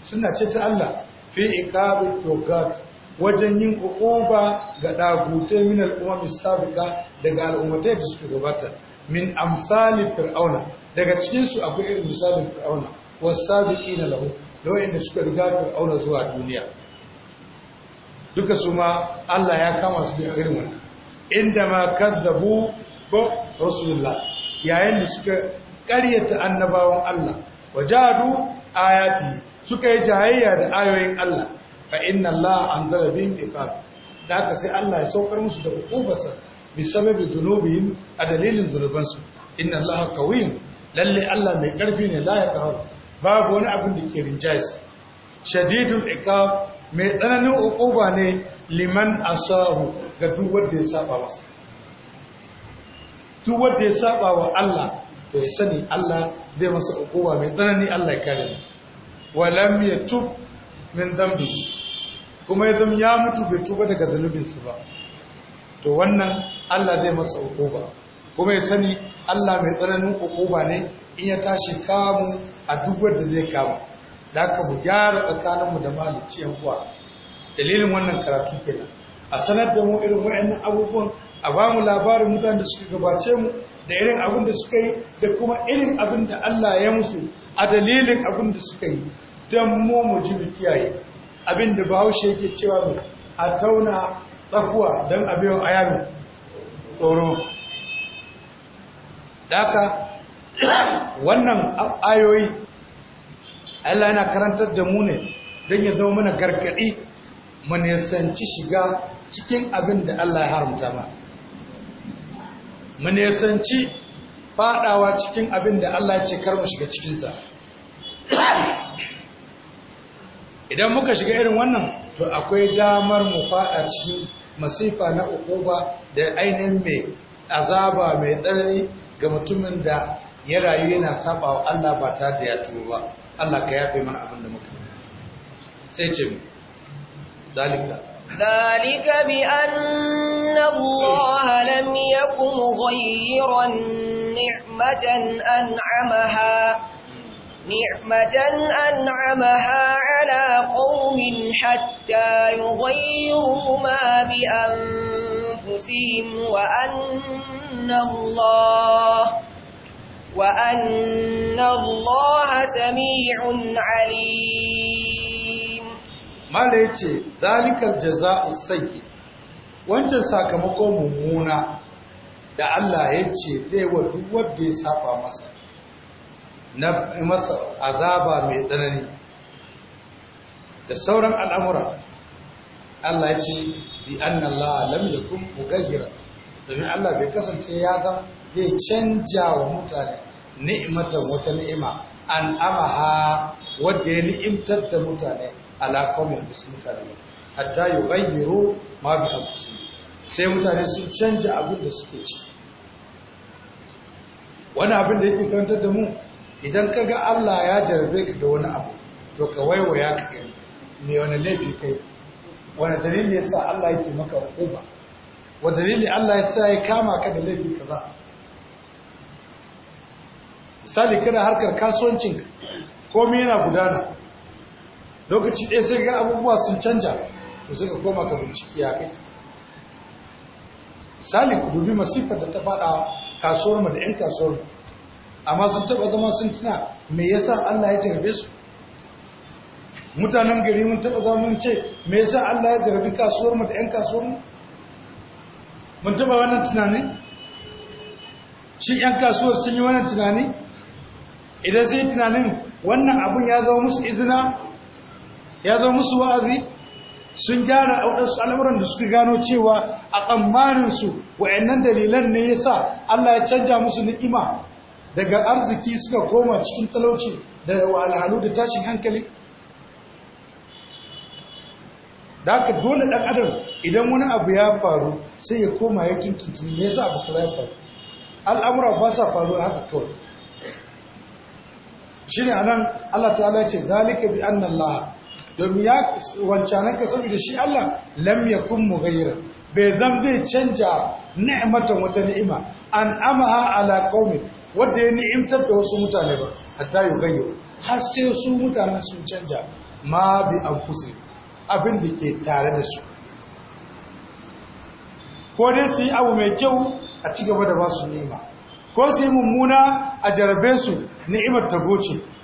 suna ce ta Allah fi to god wajen yin ukuba ga dagutai min al'umma misabiqa daga al'ummatai da suka gabata min amsalin fir'auna daga cikinsu akwai irin misalin fir'auna wasu na lahu da wanda suka riga fir'auna zuwa duniya duka su ma Allah ya kama su da irin wani, inda ma kadzabu ba rasulullah yayin da suka ƙaryata annabawan Allah wa jadu ayati suka yi jayayya da ayoyin Allah fa inna Allah anzala bihim iqab da ka sai Allah ya saukar musu da hukubarsa bi sababi dhunubihim a dalilin zunubansu inna Allah qawiyyun lalle Allah mai karfi ne la ya kawo babu wani abin da ke rinjayis Shadidun iqab mai tsananin hukuba ne liman asahu ga duk wanda ya saba masa duk wanda ya saba wa Allah to ya sani Allah zai masa ukuwa mai tsanani Allah ya kare mu walam yatub min dambi kuma idan ya mutu bai tuba daga zalubinsa ba to wannan Allah zai masa ukuba kuma ya sani Allah mai tsananin ukuwa ne in ya tashi kamu a duk wanda zai kamu da aka mu gyara tsakaninmu da malici yan dalilin wannan karatu kenan a sanar da mu irin wayannan abubuwan a ba mu labarin mutanen da suka gabace mu da irin abin da suka yi da kuma irin abin da Allah ya musu a dalilin abin da suka yi don mu muji ji mu kiyaye abin da bahaushe yake cewa mai a tauna tsakuwa don abin ayami tsoro daka wannan ayoyi Allah yana karantar da mu ne don ya zama mana gargaɗi mu nisanci shiga cikin abin da Allah ya haramta mana mu nesanci fadawa cikin abin da Allah ce kar mu shiga cikinsa idan muka shiga irin wannan to akwai damar mu fada cikin masifa na ukuba da ainihin mai azaba mai tsanani ga mutumin da ya rayu yana saba wa Allah ba ta da ya tuwo ba Allah ka yafe mana abin da muka sai ce mu
dalika ذلك بأن الله لم يك مغيرا نعمة أنعمها نعمة أنعمها على قوم حتى يغيروا ما بأنفسهم وأن الله وأن الله سميع عليم
mala ya ce zalikal jaza'u sayyi wancan sakamakon mummuna da Allah ya ce zai wa duk wadda ya saba masa na masa azaba mai tsanani da sauran al'amura Allah ya ce bi anna Allah lam yakun mughayyiran domin Allah bai kasance ya zama zai canja wa mutane ni'imatan wata ni'ima an amaha wadda ya ni'imtar da mutane ala qawmin bisu mutane hatta yughayyiru ma bi anfusihim sai mutane sun canja abin da suke ci wani abin da yake kantar da mu idan ka ga Allah ya jarabe ka da wani abu to ka waiwaya ka gani me wani laifi kai wani dalili ya sa Allah yake maka hukuma wa dalili Allah ya sa ya kama ka da laifi kaza misali kana harkar kasuwancinka komai yana gudana lokaci ɗaya sai ga abubuwa sun canja to sai ka koma ka binciki ya kai misali ku dubi masifar da ta faɗa kasuwar mu da ƴan kasuwar mu amma sun taɓa zama sun tuna me yasa Allah ya jarabe su mutanen gari mun taɓa zama mun ce me yasa Allah ya jarabi kasuwar mu da ƴan kasuwar mu mun taɓa wannan tunanin shi ƴan kasuwar sun yi wannan tunani idan sai tunanin wannan abun ya zama musu izina ya zo musu wa'azi sun gyara a waɗansu al'amuran da suka gano cewa a tsammaninsu wa'annan dalilan ne yasa sa Allah ya canja musu ni'ima daga arziki suka koma cikin talauci da wahalhalu da tashin hankali da haka dole ɗan adam idan wani abu ya faru sai ya koma ya tuntuntu me yasa abu kula ya faru al'amura ba sa faru haka kawai shi ne a nan Allah ta ce zalika bi annan Allah domin ya wancanan ka saboda shi Allah lam mu gayyara bai zan zai canja ni'matan wata ni'ima an amaha ala qaumin wanda ya ni'imtar da wasu mutane ba hatta yughayyiru har sai su mutanen sun canja ma bi anfusi abin da ke tare da su ko dai su yi abu mai kyau a ci gaba da ba su ni'ima ko su yi mummuna a jarabe su ni'imar ta goce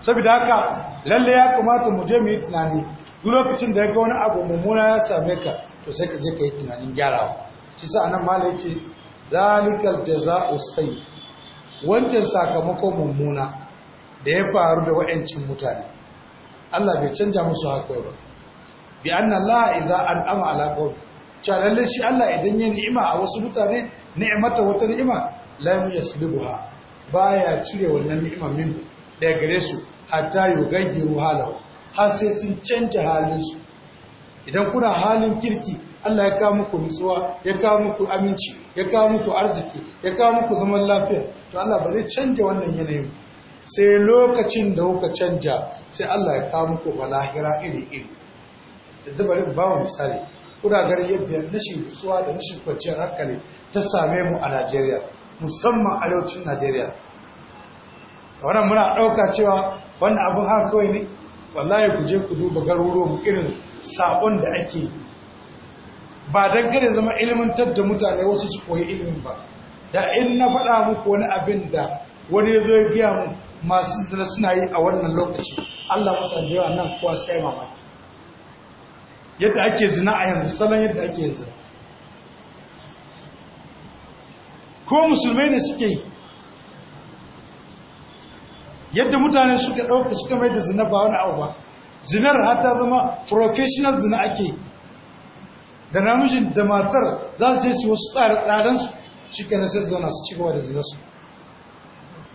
saboda haka lalle ya kamata mu je mu yi tunani duk lokacin da ya ga wani abu mummuna ya same ka to sai ka je ka yi tunanin gyarawa shi sa anan mala yace zalikal jazaa'u sayyi wancan sakamako mummuna da ya faru da wa'ancin mutane Allah bai canja musu haka ba bi anna la idza an'ama ala qawm cha lalle shi Allah idan ya ni'ima a wasu mutane ni'imata wata ni'ima la yasbibuha baya cire wannan ni'imar min gare su hatta gaggiru hala, har sai sun canja halinsu idan kuna halin kirki Allah ya kawo muku nutsuwa ya kawo muku aminci ya kawo muku arziki ya kawo muku zaman lafiya to Allah ba zai canja wannan yanayin sai lokacin da kuka canja sai Allah ya kawo muku balahira iri iri da bari ba mu misali kuna gari yadda rashin nutsuwa da rashin kwanciyar hankali ta same mu a Najeriya musamman a arewacin Najeriya wannan muna ɗauka cewa wannan abin haka kawai ne wallahi ku je ku duba garuruwan irin sabon da ake ba don zama ilimantar da mutane wasu su koyi ilimin ba da in na faɗa muku wani abin da wani ya zo ya biya mu masu zina suna yi a wannan lokaci Allah mutane da yawa nan kuwa sai mamaki yadda ake zina a yanzu salon yadda ake yanzu ko musulmai ne suke yi yadda mutane suka ɗauka suka mai da zina ba wani abu ba zinar har zama professional zina ake da namijin da matar za su je su wasu tsare su shi kenan sai zauna su ci gaba da zinarsu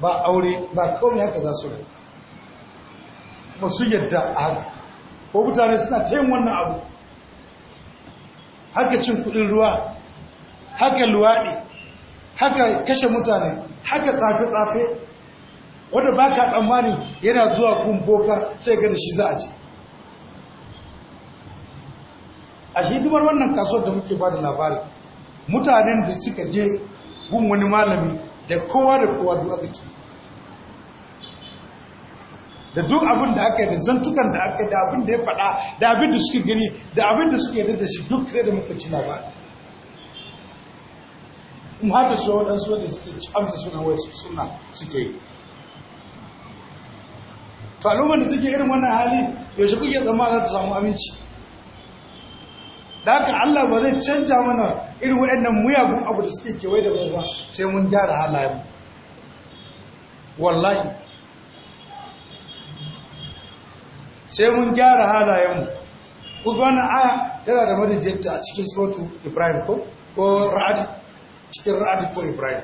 ba aure ba komai haka za su rai ba su yadda a haka ko mutane suna ta yin wannan abu haka cin kuɗin ruwa haka luwaɗi haka kashe mutane haka tsafe-tsafe wanda ba ka tsammani yana zuwa kumfoka sai ga da shi za a ce a hidimar wannan kasuwar da muke ba da labari mutanen da suka je gun wani malami da kowa da kowa da aka ce da duk abin da aka yi da zantukan da aka yi da abin da ya faɗa da abin da suke gani da abin da suke da shi duk sai da muka ci labari in haka shi waɗansu wadda suke amsa suna wasu suna suke yi to al'ummar da suke irin wannan hali yaushe kuke zama za ta samu aminci da haka Allah ba zai canja mana irin waɗannan muyagun abu da suke kewaye da ba sai mun gyara halayen wallahi sai mun gyara halayenmu kuka wani aya tana da madajinta a cikin sotu ibrahim ko ra'adi cikin ra'adi ko ibrahim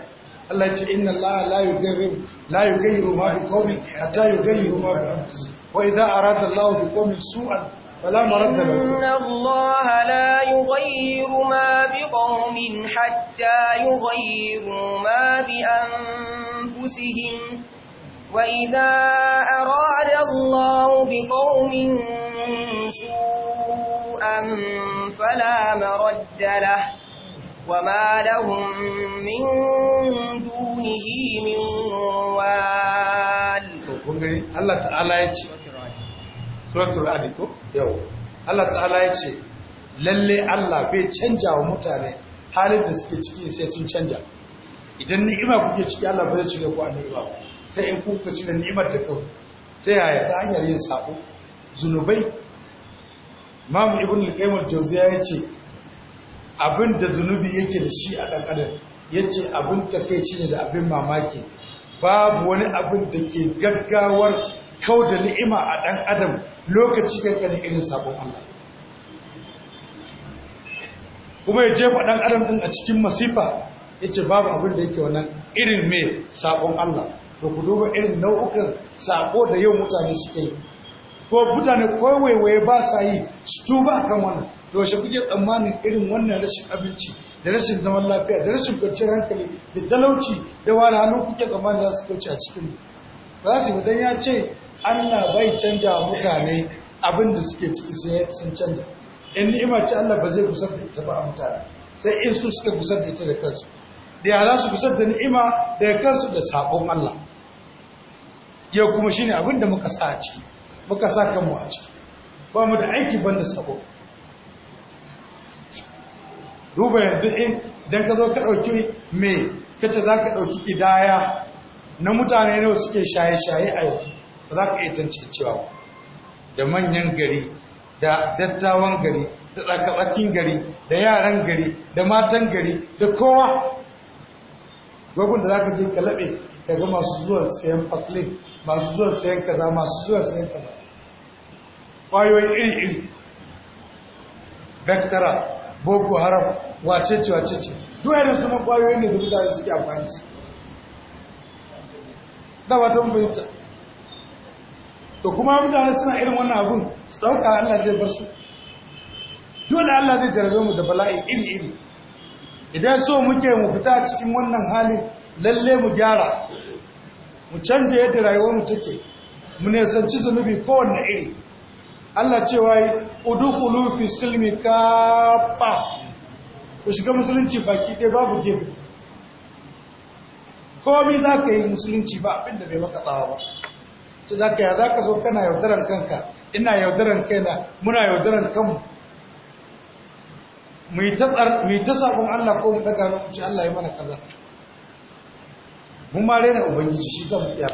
الله إن الله لا يغير لا يغير ما بقوم حتى يغير ما بأنفسهم وإذا أراد الله بقوم سوءا فلا مرد له إن
الله لا يغير ما بقوم حتى يغير ما بأنفسهم وإذا أراد الله بقوم سوءا فلا مرد له وما لهم من دونه من وال
الله تعالى يجي سورة العدي يو Allah ta'ala ya ce lalle Allah bai canja wa mutane halin da suke ciki sai sun canja idan ni'ima kuke ciki Allah bai cire ku a ni'ima sai in kuka cire ni'imar da kau ta yaya ta hanyar yin sako zunubai Imam Ibn al-Qayyim al-Jawziya ya ce abin da zunubi yake da shi a ɗan adam ya ce abin ta takaici ne da abin mamaki babu wani abin da ke gaggawar kau da ni'ima a ɗan adam lokaci kankanin irin sabon Allah kuma ya jefa ɗan adam ɗin a cikin masifa ya ce babu abin da yake wannan irin mai sabon Allah da ku duba irin nau'ukan sabo da yau mutane suke yi ko mutane ko waiwaye ba sa yi su tuba kan wannan to shi kuke tsammanin irin wannan rashin abinci da rashin zaman lafiya da rashin kwanciyar hankali da talauci da hannu kuke tsammanin za su kauce a cikin ba su dan ya ce Allah bai canja mutane abin da suke ciki sai sun canja in ni'ima ce Allah ba zai gusar da ita ba a mutane sai in su suka gusar da ita da kansu da yara su gusar da ni'ima da kansu da sabon Allah yau kuma shine abin da muka sa a ciki muka sa kanmu a ciki ba mu da aiki ban da sabo duba yanzu in don ka zo ka ɗauki mai kace za ka ɗauki idaya na mutane ne suke shaye-shaye a yau ba za ka iya tantancewa da manyan gari da dattawan gari da tsakatsakin gari da yaran gari da matan gari da kowa gwagwun da za ka je ka laɓe ka ga masu zuwan sayan faklin masu zuwan sayan kaza masu zuwan sayan kaza ƙwayoyin iri-iri bektara boko haram wacece wacece duwa da suna ƙwayoyi ne da mutane suke amfani su da wata mafahimta to kuma mutane suna irin wannan abin su ɗauka allah zai bar su dole allah zai jarabe mu da bala'i iri-iri idan so muke mu fita cikin wannan hali lalle mu gyara mu canje yadda rayuwar mu take mu ne nesanci zunubi kowanne iri Allah cewa yi udukulu fi silmi kafa ku shiga musulunci baki ɗaya babu gebe komi za ka yi musulunci ba abinda bai maka tsawa ba su za ka yi za ka zo kana yaudaran kanka ina yaudaran kaina muna yaudaran kanmu mu yi ta sabon Allah ko mu daga nan ce Allah ya mana kaza mun ma rena ubangiji shi zan kiyar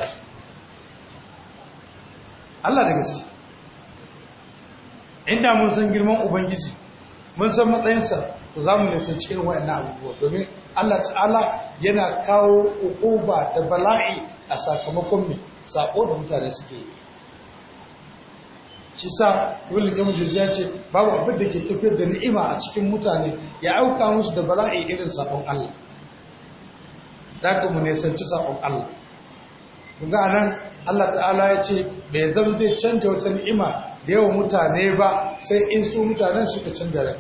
Allah da gaske inda mun san girman ubangiji mun san matsayinsa to za mu nisan cikin wayannan abubuwa domin Allah ta'ala yana kawo ukuba da bala'i a sakamakon mai sako da mutane suke yi shi sa wani qayyim ya ce babu abin da ke tafiyar da ni'ima a cikin mutane ya auka musu da bala'i irin sakon Allah da ku mu nisanci sakon Allah kun ga anan Allah ta'ala ya ce bai zan zai canja wata ni'ima da yawan mutane ba sai in su mutanen suka canza da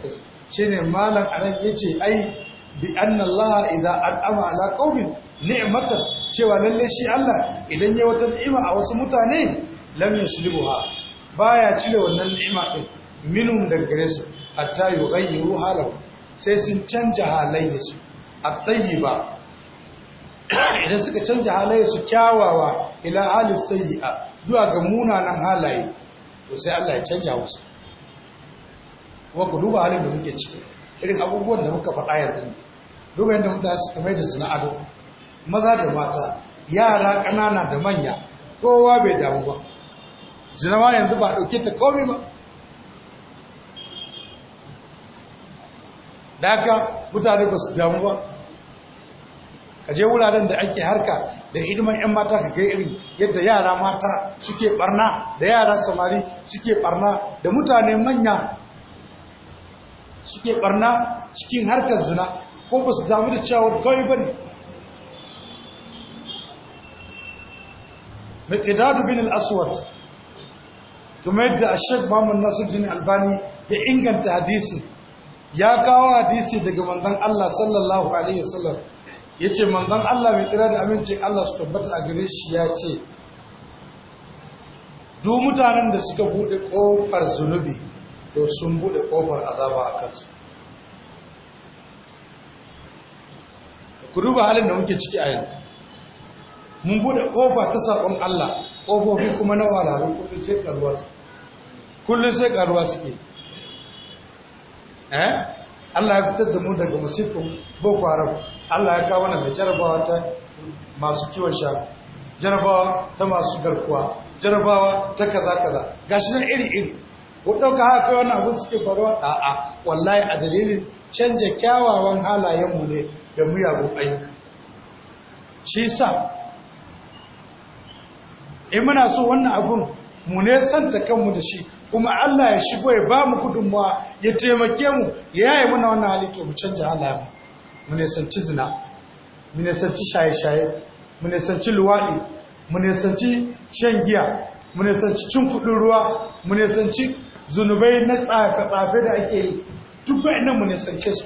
Shi ne, malam ya ce ai bi anna Allah idza an'ama ala qaumin ni'matar cewa lalle shi Allah idan ya wata ni'ima a wasu mutane lam ba ya cire wannan ni'ima ɗin minum daga su hatta yughayyiru halahu sai sun canja a tsayi ba, idan suka canja halaye su kyawawa ila halis a. zuwa ga munanan halaye to sai Allah ya canja musu kuma ku duba halin da muke ciki irin abubuwan da muka faɗa yanzu duba yadda mutane su kamar da zina ado maza da mata yara ƙanana da manya kowa bai damu ba zina ma yanzu ba ɗauke ta komai ba da haka mutane ba su damu ba ka je wuraren da ake harka da hidiman 'yan mata ka ga irin yadda yara mata suke barna da yara samari suke barna da mutane manya suke barna cikin harkar zina ko ba su damu da cewa kawai ba ne maƙidadu bin al'aswad kuma yadda a shek mamun nasirin albani ya inganta hadisi ya kawo hadisi daga manzan allah sallallahu alaihi wasallam ya ce manzan Allah mai tsira da amincin Allah su tabbata a gare shi ya ce duk mutanen da suka buɗe ƙofar zunubi to sun buɗe ƙofar azaba a kansu ku duba halin da muke ciki a yanzu mun buɗe ƙofa ta saƙon Allah ƙofofi kuma na walaru kullum sai ƙaruwa suke kullum sai suke eh Allah ya fitar da mu daga musifin boko haram Allah ya kawo mana mai jarabawa ta masu kiwon sha jarabawa ta masu garkuwa jarabawa ta kaza kaza gashi nan iri iri ko ɗauka haka wani abu suke faruwa a wallahi a dalilin canja kyawawan halayenmu ne da yabo ayyuka shi sa in muna so wannan abun mu ne santa kanmu da shi kuma Allah ya shigo ya ba mu gudunmuwa ya taimake mu ya yaya muna wannan halittu, mu canja halayen mu nisanci zina mu nisanci shaye-shaye mu nisanci luwaɗi mu nisanci shan giya mu nisanci cin kuɗin ruwa mu nisanci zunubai na tsafe-tsafe da ake yi duk nan mu nisance su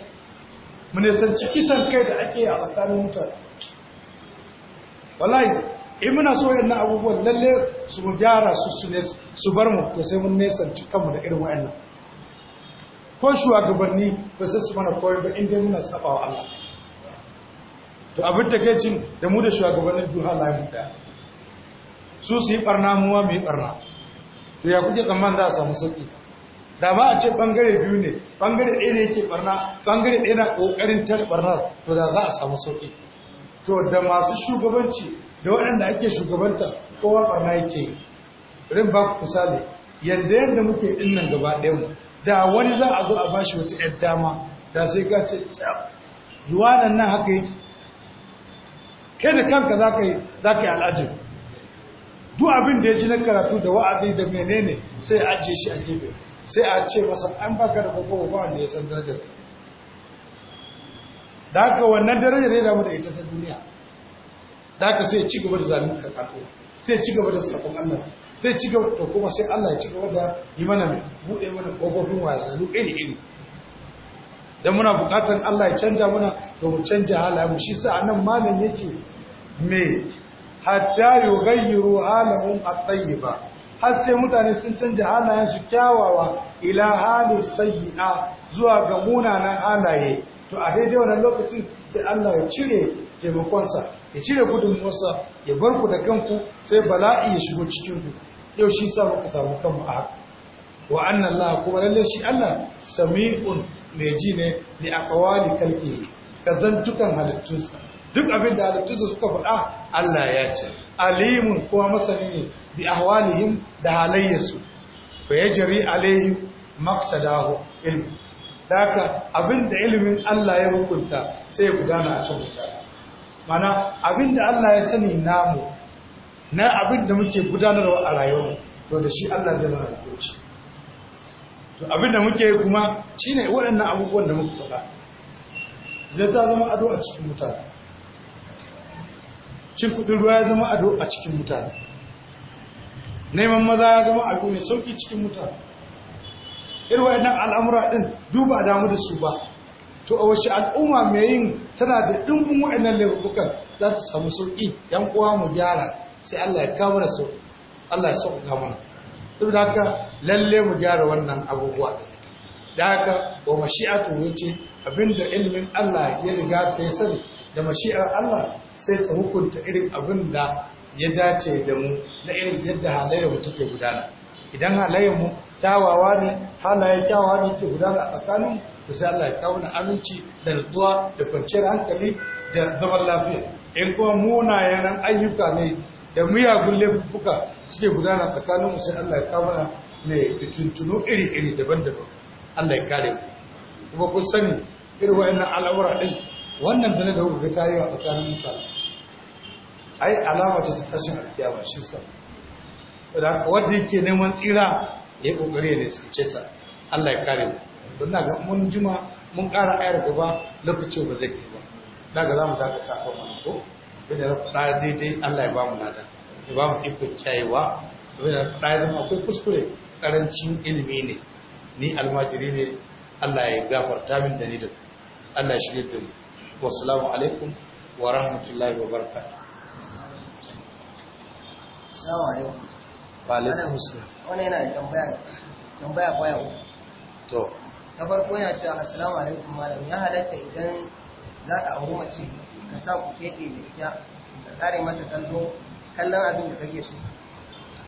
mu nisanci kisan kai da ake yi a tsakanin mutane wallahi in eh, muna so na abubuwan lalle su mu gyara su su bar mu to sai mun nesa kanmu da irin wa'annan ko shugabanni ba sai su mana koyar ba inda muna saba wa Allah to abin cin da mu da shugabannin duha lafi da su su yi barna muwa mu yi barna to ya kuke tsammanin za a samu sauki da ba a ce bangare biyu ne bangare ɗaya ne yake barna bangare ɗaya na ƙoƙarin tare barnar to da za a samu sauki to da masu shugabanci da waɗanda ake shugabanta kowa ɓarna yake rin ba ku misali yadda yadda muke ɗinnan gaba ɗaya mu da wani za a zo a bashi wata ‘yar dama da sai ka ce ruwanan nan haka yake kai da kanka za ka yi al'ajin duk abin da ya ji na karatu da wa'azi da menene sai a ajiye shi a gefe sai a ce masa an baka da kwakwa ba wanda ya san darajar da haka wannan darajar ya damu da ita ta duniya da haka sai ci gaba da ka kako sai ci gaba da sakon Allah sai ci gaba da kuma sai Allah ya ci gaba da yi mana bude mana mana ƙofofin wazalu iri iri dan muna buƙatar Allah ya canja mana to mu canja halaye mu shi sa anan malam yace me hatta yughayyiru halahum at-tayyiba har sai mutane sun canja halayen su kyawawa ila hali sayyi'a zuwa ga munanan halaye to a daidai wannan lokacin sai Allah ya cire taimakonsa ya cire gudun wasa ya bar ku da kanku sai bala'i ya shigo cikin ku yau shi sa muka samu kanmu a haka wa annan kuma lalle shi Allah sami'un mai ji ne li aqwali kalbi ka zantukan halittunsa duk abin da halittunsa suka faɗa Allah ya ce alimun kuma masani ne bi ahwalihim da halayyarsu fa yajri alaihim maqtadahu ilmu daka abin da ilimin Allah ya hukunta sai ya gudana a kan mutane mana abinda Allah ya sani namu na abinda muke gudanarwa a rayuwa to da shi Allah zai mana hukunci to abinda muke kuma shine waɗannan abubuwan da muke faɗa zai ta zama ado a cikin mutane cin kuɗin ruwa ya zama ado a cikin mutane neman maza ya zama ado mai sauƙi cikin mutane irin idan al'amura ɗin duba damu da su ba to a wace al'umma mai yin tana da ɗungun waɗannan laifukan za ta samu sauƙi yan uwa mu gyara sai Allah ya kama da sauƙi Allah ya sauƙa mana da haka lalle mu gyara wannan abubuwa da haka wa mashi'atu wuce abinda ilimin Allah ya riga ta sani da mashi'ar Allah sai ta hukunta irin abin da ya dace da mu na irin yadda halayyar mu take gudana idan halayyar mu kyawawa ne halaye kyawawa ne ke gudana a tsakaninmu. to sai Allah ya kawo na aminci da nutsuwa da kwanciyar hankali da zaman lafiya in kuma munayen ayyuka ne da miyagun laifuka suke gudana tsakaninmu sai Allah ya kawo na mai tuntunu iri-iri daban-daban Allah ya kare ku kuma kun sani irin wa'annan al'amura ɗin wannan da na da kuka ta yi wa tsakanin mutane ai alama ce ta tashin alkiyama shi sa wanda yake neman tsira ya kokari ne ce ta Allah ya kare mu don ga mun jima mun ƙara ayar gaba lokacin ba zai ke ba na ga za mu daga ta akwai mana ko bai da faɗa daidai allah ya ba mu nada ya ba mu iko kyayewa wanda na faɗa ya zama akwai kuskure ƙarancin ilimi ne ni almajiri ne allah ya gafarta min da ni da allah ya shirya da ni wasu alaikum wa rahmatullahi wa barakatuh
Assalamu alaikum. Wa alaikum yana tambaya tambaya baya uku. To. na farko yana cewa assalamu alaikum malam ya halatta idan za ka auri mace ka sa ku keke da ita ka kare mata kallo kallon abin da kake so